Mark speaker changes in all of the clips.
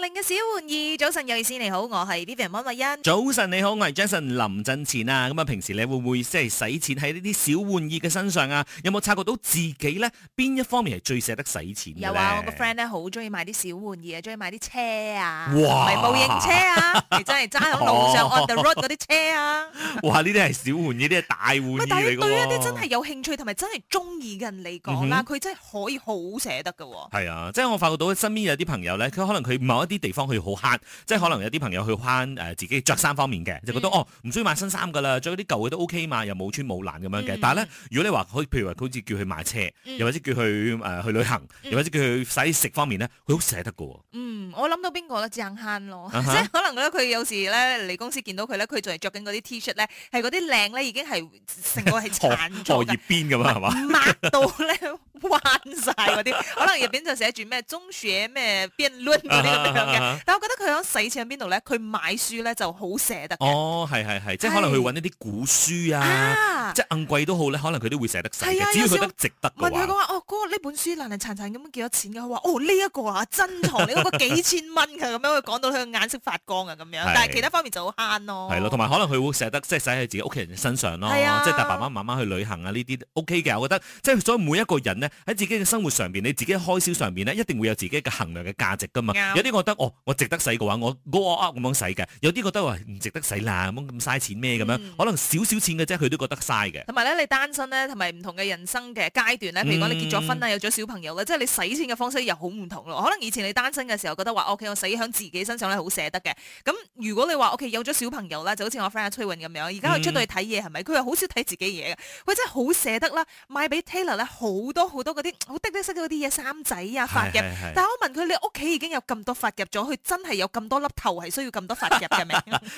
Speaker 1: 令嘅小玩意，早晨，有意思。你好，我係 Vivian 麥欣。
Speaker 2: 早晨你好，我係 Jason 林振前啊。咁、嗯、啊，平時你會唔會即係使錢喺呢啲小玩意嘅身上啊？有冇察覺到自己咧邊一方面係最捨得使錢？有啊，我個
Speaker 1: friend 咧好中意買啲小玩意啊，中意買啲車啊，係模型車啊，係真係揸響路上 on the road 嗰啲車啊。哇，呢
Speaker 2: 啲係小玩意，呢啲係大玩意嚟。咁啊， 但對於一啲真係
Speaker 1: 有興趣同埋真係中意嘅人嚟講、啊、啦、嗯哼，佢真係可以好捨得噶。係啊，
Speaker 2: 即係、啊就是、我發覺到身邊有啲朋友咧，佢可能佢唔一啲地方佢好慳，即係可能有啲朋友去慳，誒、呃、自己着衫方面嘅就覺得、嗯、哦，唔需要買新衫噶啦，着啲舊嘅都 O、OK、K 嘛，又冇穿冇爛咁樣嘅。嗯、但係咧，如果你話，好似譬如話，好似叫佢買車，嗯、又或者叫佢誒、呃、去旅行，又或者叫佢洗食方面咧，佢好捨得噶。
Speaker 1: 嗯，我諗到邊個咧？正慳咯，huh. 即係可能咧，佢有時咧嚟公司見到佢咧，佢仲係着緊嗰啲 T 恤 h i 咧，係嗰啲靚咧，已經係
Speaker 2: 成個係殘咗嘅，破葉邊咁啊，係嘛？是 抹
Speaker 1: 到咧彎晒嗰啲， 可能入邊就寫住咩中學咩辯論嗰啲。啊、但我覺得佢想使錢喺邊度咧？佢買書咧就好捨得。哦，
Speaker 2: 係係係，即係可能佢揾一啲古書啊，啊即係硬貴都好咧，可能佢都會捨得使嘅，啊、只要佢得值得嘅話。問佢講話
Speaker 1: 哦，哥呢本書爛爛殘殘咁，幾多錢嘅？佢話哦，呢、這、一個啊珍藏你嗰個幾千蚊㗎，咁 樣佢講到佢眼色發光啊咁樣。但係其他方面就好慳咯。係
Speaker 2: 咯，同埋可能佢會捨得，即係使喺自己屋企人身上咯。啊、即係帶爸爸媽媽,媽去旅行啊呢啲 OK 嘅，我覺得即係所以每一個人呢，喺自己嘅生活上邊，你自己開銷上邊呢，一定會有自己嘅衡量嘅價值㗎嘛。嗯、有啲、這個覺得、哦、我值得使嘅話，我 all a 咁樣使嘅。有啲覺得話唔值得使啦，咁咁嘥錢咩咁、嗯、樣？可能少少錢嘅啫，佢都覺得嘥嘅。同
Speaker 1: 埋咧，你單身咧，同埋唔同嘅人生嘅階段咧，譬如講你結咗婚啦，嗯、有咗小朋友咧，即係你使錢嘅方式又好唔同咯。可能以前你單身嘅時候覺得話，O K，我使喺自己身上咧好捨得嘅。咁如果你話 O K 有咗小朋友啦，就好似我 friend 阿崔雲咁樣，而家佢出到去睇嘢係咪？佢又好少睇自己嘢嘅，佢真係好捨得啦，買俾 Taylor 咧好多好多嗰啲好滴滴濕嗰啲嘢衫仔啊、髮嘅。是是是是，但我問佢，你屋企已經有咁多發。入咗佢真係有咁多粒頭，係需要咁多髮夾嘅
Speaker 2: 咩？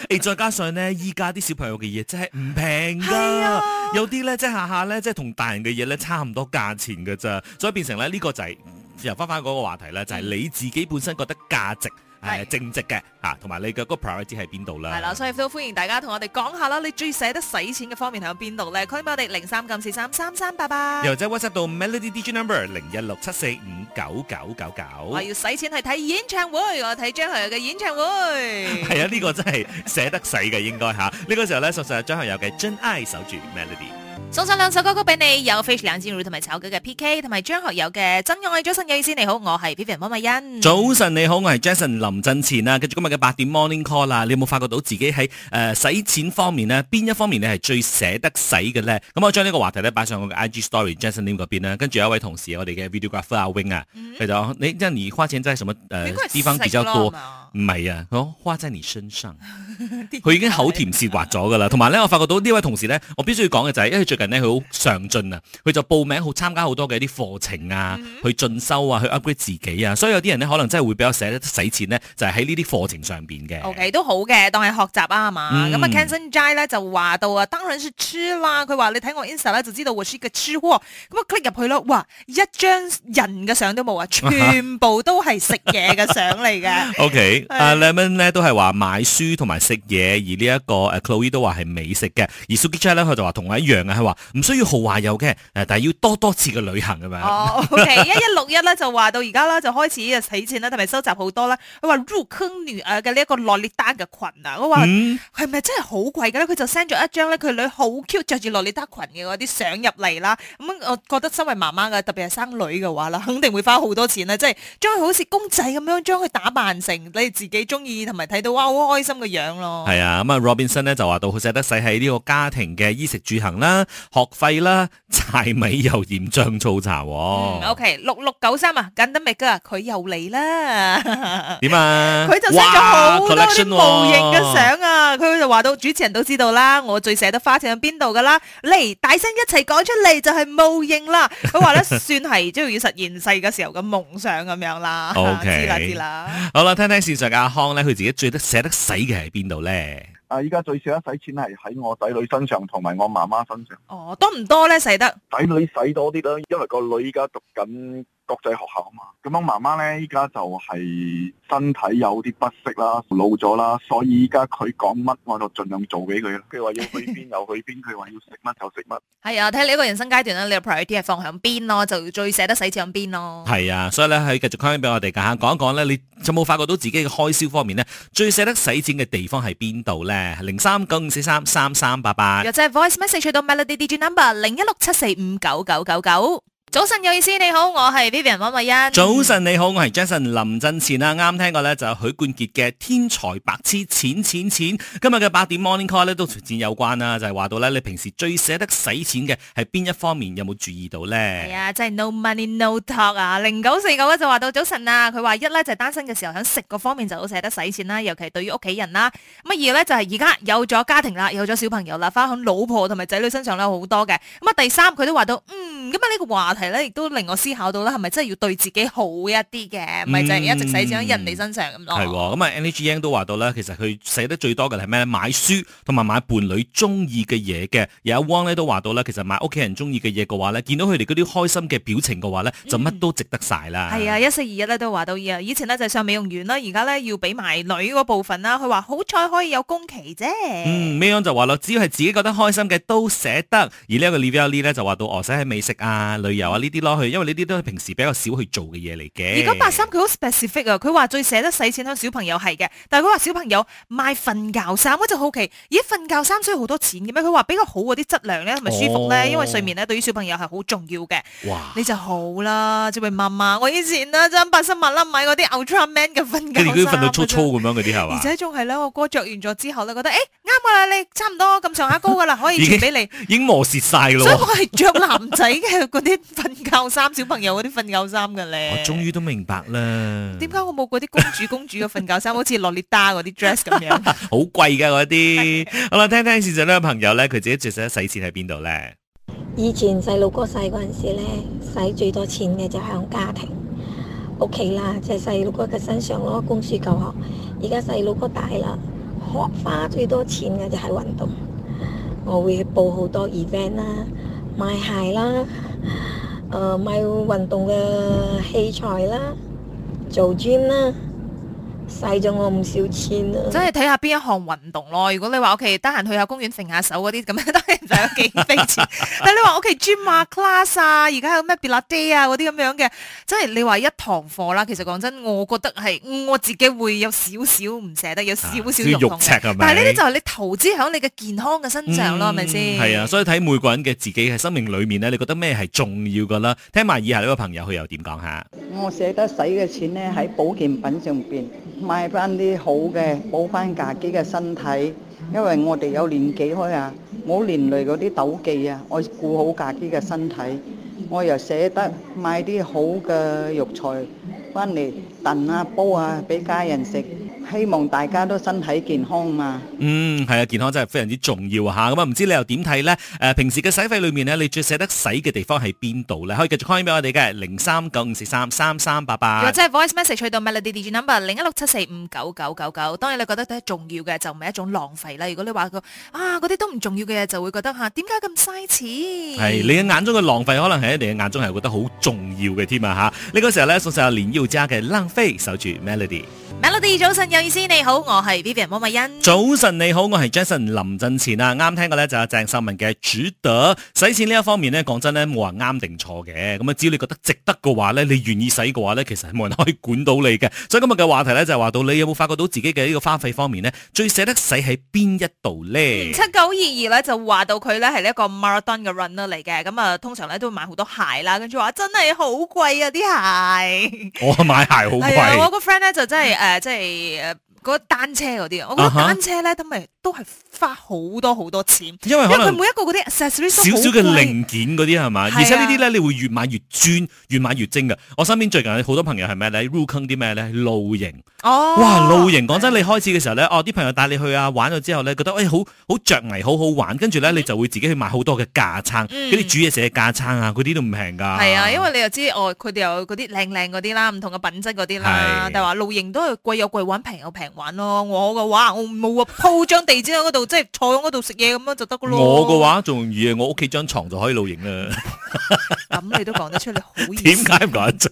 Speaker 2: 誒， 再加上咧，依家啲小朋友嘅嘢真係唔平噶，啊、有啲咧即係下下咧，即係同大人嘅嘢咧差唔多價錢噶咋。所以變成咧呢、這個就係由翻翻嗰個話題咧，就係、是、你自己本身覺得價值。係正直嘅嚇，同埋你嘅嗰個 priority 喺邊度啦？係
Speaker 1: 啦，所以都歡迎大家同我哋講下啦。你最捨得使錢嘅方面喺邊度咧？可以俾我哋零三、九四、三三三八八。又
Speaker 2: 者 WhatsApp 到 Melody DJ Number 零一六七四五九九九九。我要
Speaker 1: 使錢去睇演唱會，我睇張學友嘅演唱會。係
Speaker 2: 啊，呢個真係捨得使嘅應該嚇。呢個時候咧，送上張學友嘅《真愛守住 Melody》。
Speaker 1: 送上兩首歌曲俾你，有 ish,《飛出兩尖銳》同埋《炒雞》嘅 P K，同埋張學友嘅《真愛》早晨，有意思。你好，我係 Vivian 莫美欣。
Speaker 2: 早晨，你好，我係 Jason 林振前啊。跟住今日嘅八點 Morning Call 啦、啊，你有冇發覺到自己喺誒使錢方面呢？邊一方面你係最捨得使嘅咧？咁、嗯、我將呢個話題咧擺上我嘅 I G Story，Jason 林嗰邊咧、啊，跟住有一位同事我哋嘅 Videographer 阿 Wing 啊，嚟咗、嗯。你即係你花錢在什麼誒、呃、地方比較多？唔係啊，我花在你身上。佢 已經口甜舌滑咗噶啦。同埋咧，我發覺到呢位同事呢，我必須要講嘅就係、是近佢好上進啊，佢就報名好參加好多嘅啲課程啊，去進修啊，去 upgrade 自己啊，所以有啲人呢，可能真係會比較捨得使錢 okay,、啊 mm. 呢，就係喺呢啲課程上邊嘅。
Speaker 1: O K 都好嘅，當係學習啊嘛。咁啊 Kenson J 咧就話到啊，當然係書啦。佢話你睇我 Instagram 就知道 eat,、嗯、我寫嘅書喎。咁啊，click 入去咯，哇，一張人嘅相都冇啊，全部都係食嘢嘅相嚟嘅。O
Speaker 2: K，阿 Lemon 咧都係話買書同埋食嘢，而呢一個誒 Chloe 都話係美食嘅，而 Suki J 咧佢就話同我一樣啊。話唔需要豪華遊嘅，誒，但係要多多次嘅旅行咁樣。
Speaker 1: 哦，O K，一、一六一咧就話到而家啦，就開始使錢啦，同埋收集好多啦。佢話 Roukunia 嘅呢一個洛麗達嘅裙啊，我話係咪真係好貴嘅咧？佢就 send 咗一張咧，佢女好 Q 着住洛麗達裙嘅嗰啲相入嚟啦。咁、嗯，我覺得身為媽媽嘅，特別係生女嘅話啦，肯定會花好多錢啦，即係將佢好似公仔咁樣，將佢打扮成你自己中意同埋睇到哇好開心嘅樣咯。
Speaker 2: 係啊，咁、嗯、啊，Robinson 咧就話到好捨得使喺呢個家庭嘅衣食住行啦。學費啦，柴米油鹽醬醋茶，喔。嗯，OK，
Speaker 1: 六六九三啊，跟得密噶，佢又嚟啦。
Speaker 2: 點 啊？佢就 send 咗好多啲模型嘅相
Speaker 1: 啊，佢、啊、就話到主持人都知道啦，我最捨得花錢喺邊度噶啦。嚟，大聲一齊講出嚟，就係模型啦。佢話咧，算係即係要實現細個時候嘅夢想咁樣啦。OK，啦、啊、知啦。知啦
Speaker 2: 好啦，聽聽綫上阿康咧，佢自己最得捨得使嘅喺邊度咧？
Speaker 1: 啊！依家最少一使錢係喺
Speaker 2: 我仔女身上同埋我媽媽身上。
Speaker 1: 哦，多唔多咧？使得仔女使多啲啦，因為個
Speaker 2: 女依家讀緊，國際學校啊嘛，咁我媽媽咧依家就係身體有啲不適啦，老咗啦，所以依家佢講乜，我就盡量做俾佢咯。佢話要去邊就去邊，佢話要食乜就
Speaker 1: 食乜。係啊，睇你一個人生階段啦，你嘅 priority 係放響邊咯，就最捨得使錢響邊咯。
Speaker 2: 係啊，所以咧可以繼續分享俾我哋噶吓，講一講咧，你有冇發覺到自己嘅開銷方面咧，最捨得使錢嘅地方係邊度咧？零三九五四三三三八八。又即
Speaker 1: 係 voice message 到 Melody DJ number 零一六七四五九九九九。早晨有意思，你好，我係 Vivian 溫慧欣。早
Speaker 2: 晨你好，我係 Jason 林振前啦。啱啱聽過咧就係許冠傑嘅《天才白痴》錢，錢錢錢。今日嘅八點 Morning Call 咧都逐漸有關啦，就係話到咧你平時最捨得使錢嘅係邊一方面，有冇注意到咧？
Speaker 1: 係啊，真係 no money no talk 啊！零九四九咧就話到早晨啊，佢話一咧就係單身嘅時候喺食嗰方面就好捨得使錢啦，尤其係對於屋企人啦。咁啊二咧就係而家有咗家庭啦，有咗小朋友啦，花喺老婆同埋仔女身上咧好多嘅。咁啊第三佢都話到，嗯，咁啊呢個話題。亦都令我思考到咧，係咪真係要對自己好一啲嘅？唔係就係一直使錢喺
Speaker 2: 人哋身上咁咯。係咁啊，Nag n 都話到咧，其實佢寫得最多嘅係咩咧？買書同埋買伴侶中意嘅嘢嘅。阿汪都話到咧，其實買屋企人中意嘅嘢嘅話咧，見到佢哋嗰啲開心嘅表情嘅話咧，就乜都值得晒啦。係、嗯、
Speaker 1: 啊，一四二一咧都話到，以前咧就上美容院啦，而家咧要俾埋女嗰部分啦。佢話好彩可以有工期啫。
Speaker 2: 嗯，Meon 就話咯，只要係自己覺得開心嘅都捨得。而呢一個 Levy 咧就話到，我使喺美食啊、旅遊。呢啲咯，佢因為呢啲都係平時比較少去做嘅嘢嚟嘅。如果八
Speaker 1: 三佢好 specific 啊，佢話最捨得使錢響小朋友係嘅，但係佢話小朋友買瞓覺衫，我就好奇，咦瞓覺衫需要好多錢嘅咩？佢話比較好嗰啲質量咧，咪舒服咧，哦、因為睡眠咧對於小朋友係好重要嘅。哇！你就好啦、啊，做埋媽媽，我以前咧、啊、真八三萬、啊、粒米嗰啲 Ultraman 嘅瞓覺，你哋佢瞓到粗粗咁
Speaker 2: 樣嗰啲係嘛？而且
Speaker 1: 仲係咧，我哥着完咗之後咧覺得，誒啱噶啦，你差唔多咁上下高噶啦，可以傳俾你 已，
Speaker 2: 已經磨蝕晒咯。所以我
Speaker 1: 係着男仔嘅嗰啲。 瞓覺衫小朋友嗰啲瞓覺衫嘅咧，我終
Speaker 2: 於都明白啦。點
Speaker 1: 解我冇嗰啲公主公主嘅瞓覺衫， 好似洛麗塔嗰啲 dress 咁樣？
Speaker 2: 好貴嘅嗰啲。 好啦，聽聽事實咧，朋友咧，佢自己著實使錢喺邊度咧？
Speaker 1: 以前細路哥細嗰陣時咧，使
Speaker 2: 最多錢嘅就係用家庭屋企啦，就係細路哥嘅身上咯，供書教學。而家細路哥大啦，學花最多錢嘅就係、就係、運動。
Speaker 1: 我會去報好多 event 啦，買鞋啦。誒，買運動嘅器材啦，做 gym 啦。使咗我唔少錢咯，真係睇下邊一項運動咯。如果你話屋企得閒去下公園揈下手嗰啲咁，當然就有幾飛錢。 但係你話屋企 gym class 啊，而家有咩 b e a 啊嗰啲咁樣嘅，即係你話一堂課啦。其實講真，我覺得係我自己會有少少唔捨得，有少少肉赤咁咪？但係呢啲就係你投資響你嘅健康嘅身上咯，係咪先？
Speaker 2: 係啊，所以睇每個人嘅自己嘅生命裏面咧，你覺得咩係重要噶啦？聽埋以下呢個朋友佢又點講下？
Speaker 1: 我捨得使嘅錢咧喺保健品上邊。買翻啲好嘅，補翻自己嘅身體。因為我哋有年紀開啊，冇連累嗰啲斗技啊。我顧好自己嘅身體，我又捨得買啲好嘅肉菜返嚟燉啊、煲啊，畀家人食。希望大家都身體健康
Speaker 2: 嘛？嗯，係啊，健康真係非常之重要嚇。咁啊，唔知你又點睇咧？誒，平時嘅洗費裏面咧，你最捨得洗嘅地方係邊度咧？可以繼續 call 俾我哋嘅零三九五四三三三八八，或者係
Speaker 1: voice message 去到 Melody Digital Number 零一六七四五九九九九。當然你覺得都重要嘅，就唔係一種浪費啦。如果你話個啊嗰啲都唔重要嘅嘢，就會覺得嚇點解咁嘥錢？
Speaker 2: 係你嘅眼中嘅浪費，可能係你嘅眼中係覺得好重要嘅添啊！嚇，呢個時候咧，送上連詩雅嘅《浪費》，守住 Melody。
Speaker 1: Melody 早晨。有意，你好，我係 Vivian 摩米欣。
Speaker 2: 早晨你好，我係 Jason 林振前啊。啱聽嘅咧就係、是、鄭秀文嘅《主得》。使錢呢一方面咧，講真咧，冇話啱定錯嘅。咁啊，只要你覺得值得嘅話咧，你願意使嘅話咧，其實係冇人可以管到你嘅。所以今日嘅話題咧就係話到，你有冇發覺到自己嘅呢個花費方面咧，最捨得使喺邊一度咧？七
Speaker 1: 九二二咧就話到佢咧係呢一個 Marathon 嘅 runner 嚟嘅。咁啊，通常咧都會買好多鞋啦，跟住話真係好貴啊啲鞋。
Speaker 2: 我買鞋好貴。 我
Speaker 1: 個 friend 咧就真係誒，即係。個單車嗰啲啊，我覺得單車咧，咁咪、uh huh. 都係花好多好多錢，因為佢每一個嗰啲 accessories 少少嘅零
Speaker 2: 件嗰啲係嘛？是啊、而且呢啲咧，你會越買越專，越買越精嘅。我身邊最近好多朋友係咩咧？入坑啲咩咧？露營，
Speaker 1: 哦、哇！露
Speaker 2: 營講是、啊、真，你開始嘅時候咧，哦，啲朋友帶你去啊，玩咗之後咧，覺得誒、哎、好好著迷，好好玩，跟住咧你就會自己去買好多嘅架撐，嗰啲、嗯、煮嘢食嘅架撐啊，嗰啲都唔平㗎。係
Speaker 1: 啊，因為你又知哦，佢哋有嗰啲靚靚嗰啲啦，唔同嘅品質嗰啲啦，是啊、但係話露營都係貴有貴玩，平有平。玩咯，我嘅話我冇啊，鋪張地氈喺嗰度，即係坐喺嗰度食嘢咁樣就得噶咯。我嘅話
Speaker 2: 仲容易啊，我屋企張床就可以露營啦。
Speaker 1: 咁你都講得出，
Speaker 2: 你好意思，點解唔講得出？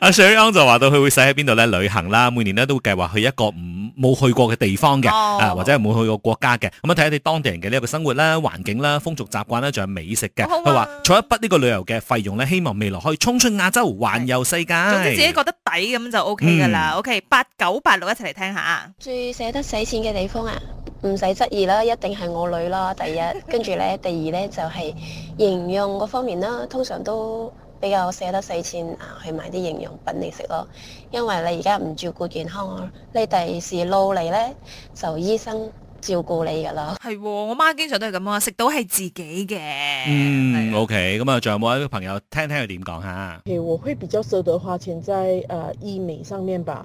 Speaker 2: 阿水 h 就話到佢會使喺邊度咧，旅行啦，每年咧都會計劃去一個唔冇去過嘅地方嘅，啊或者係冇去過國家嘅，咁啊睇下你當地人嘅呢一個生活啦、環境啦、風俗習慣啦，仲有美食嘅，佢話措一筆呢個旅遊嘅費用咧，希望未來可以衝出亞洲，環遊世界，總之自己
Speaker 1: 覺得抵咁就 O K 噶啦，O K 八九八六一齊嚟聽下，最捨得使錢嘅地方啊！唔使質疑啦，一定係我女啦。第一，跟住咧，第二咧就係、是、營養嗰方面啦。通常都比較捨得使錢啊，去買啲營養品嚟食咯。因為你而家唔照顧健康，啊。你第時老嚟咧，就醫生照顧你噶啦。係喎、嗯，我媽經常都係咁話，食到係自己嘅。
Speaker 2: 嗯，OK，咁啊，仲有冇一個朋友聽聽佢點講吓？
Speaker 1: 誒，okay, 我會比較捨得花錢在誒、呃、醫美上面吧。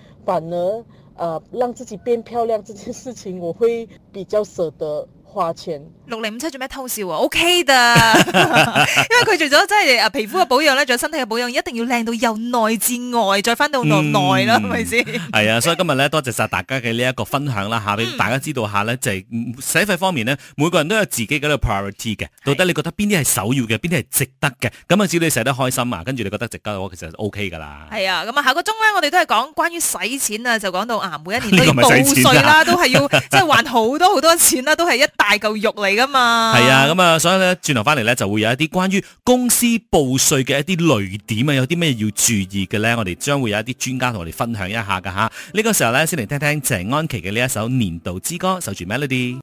Speaker 2: 反而，呃，
Speaker 1: 讓自己變漂亮這件事情，我會比較捨得。花錢六零五七做咩偷笑啊？O K 的， 因為佢除咗即係誒，皮膚嘅保養咧，仲 有身體嘅保養，一定要靚到由內至外，再翻到內咯，係咪
Speaker 2: 先？係啊，所以今日咧，多謝晒大家嘅呢一個分享啦，吓俾大家知道下咧，就係使費方面咧，每個人都有自己嗰個 priority 嘅，到底你覺得邊啲係首要嘅，邊啲係值得嘅？咁啊，只要你使得開心啊，跟住你覺得值得，我其實 O K 噶啦。
Speaker 1: 係啊，咁啊，下個鐘咧我哋都係講關於使錢啊，就講到啊，每一年都要報稅啦，都係要即係還好多好多錢啦，都係一。大嚿肉嚟噶嘛？係啊，
Speaker 2: 咁、嗯、啊，所以咧，轉頭翻嚟咧，就會有一啲關於公司報稅嘅一啲雷點啊，有啲咩要注意嘅呢？我哋將會有一啲專家同我哋分享一下噶吓。呢、這個時候呢，先嚟聽聽謝安琪嘅呢一首年度之歌《守住 Melody》。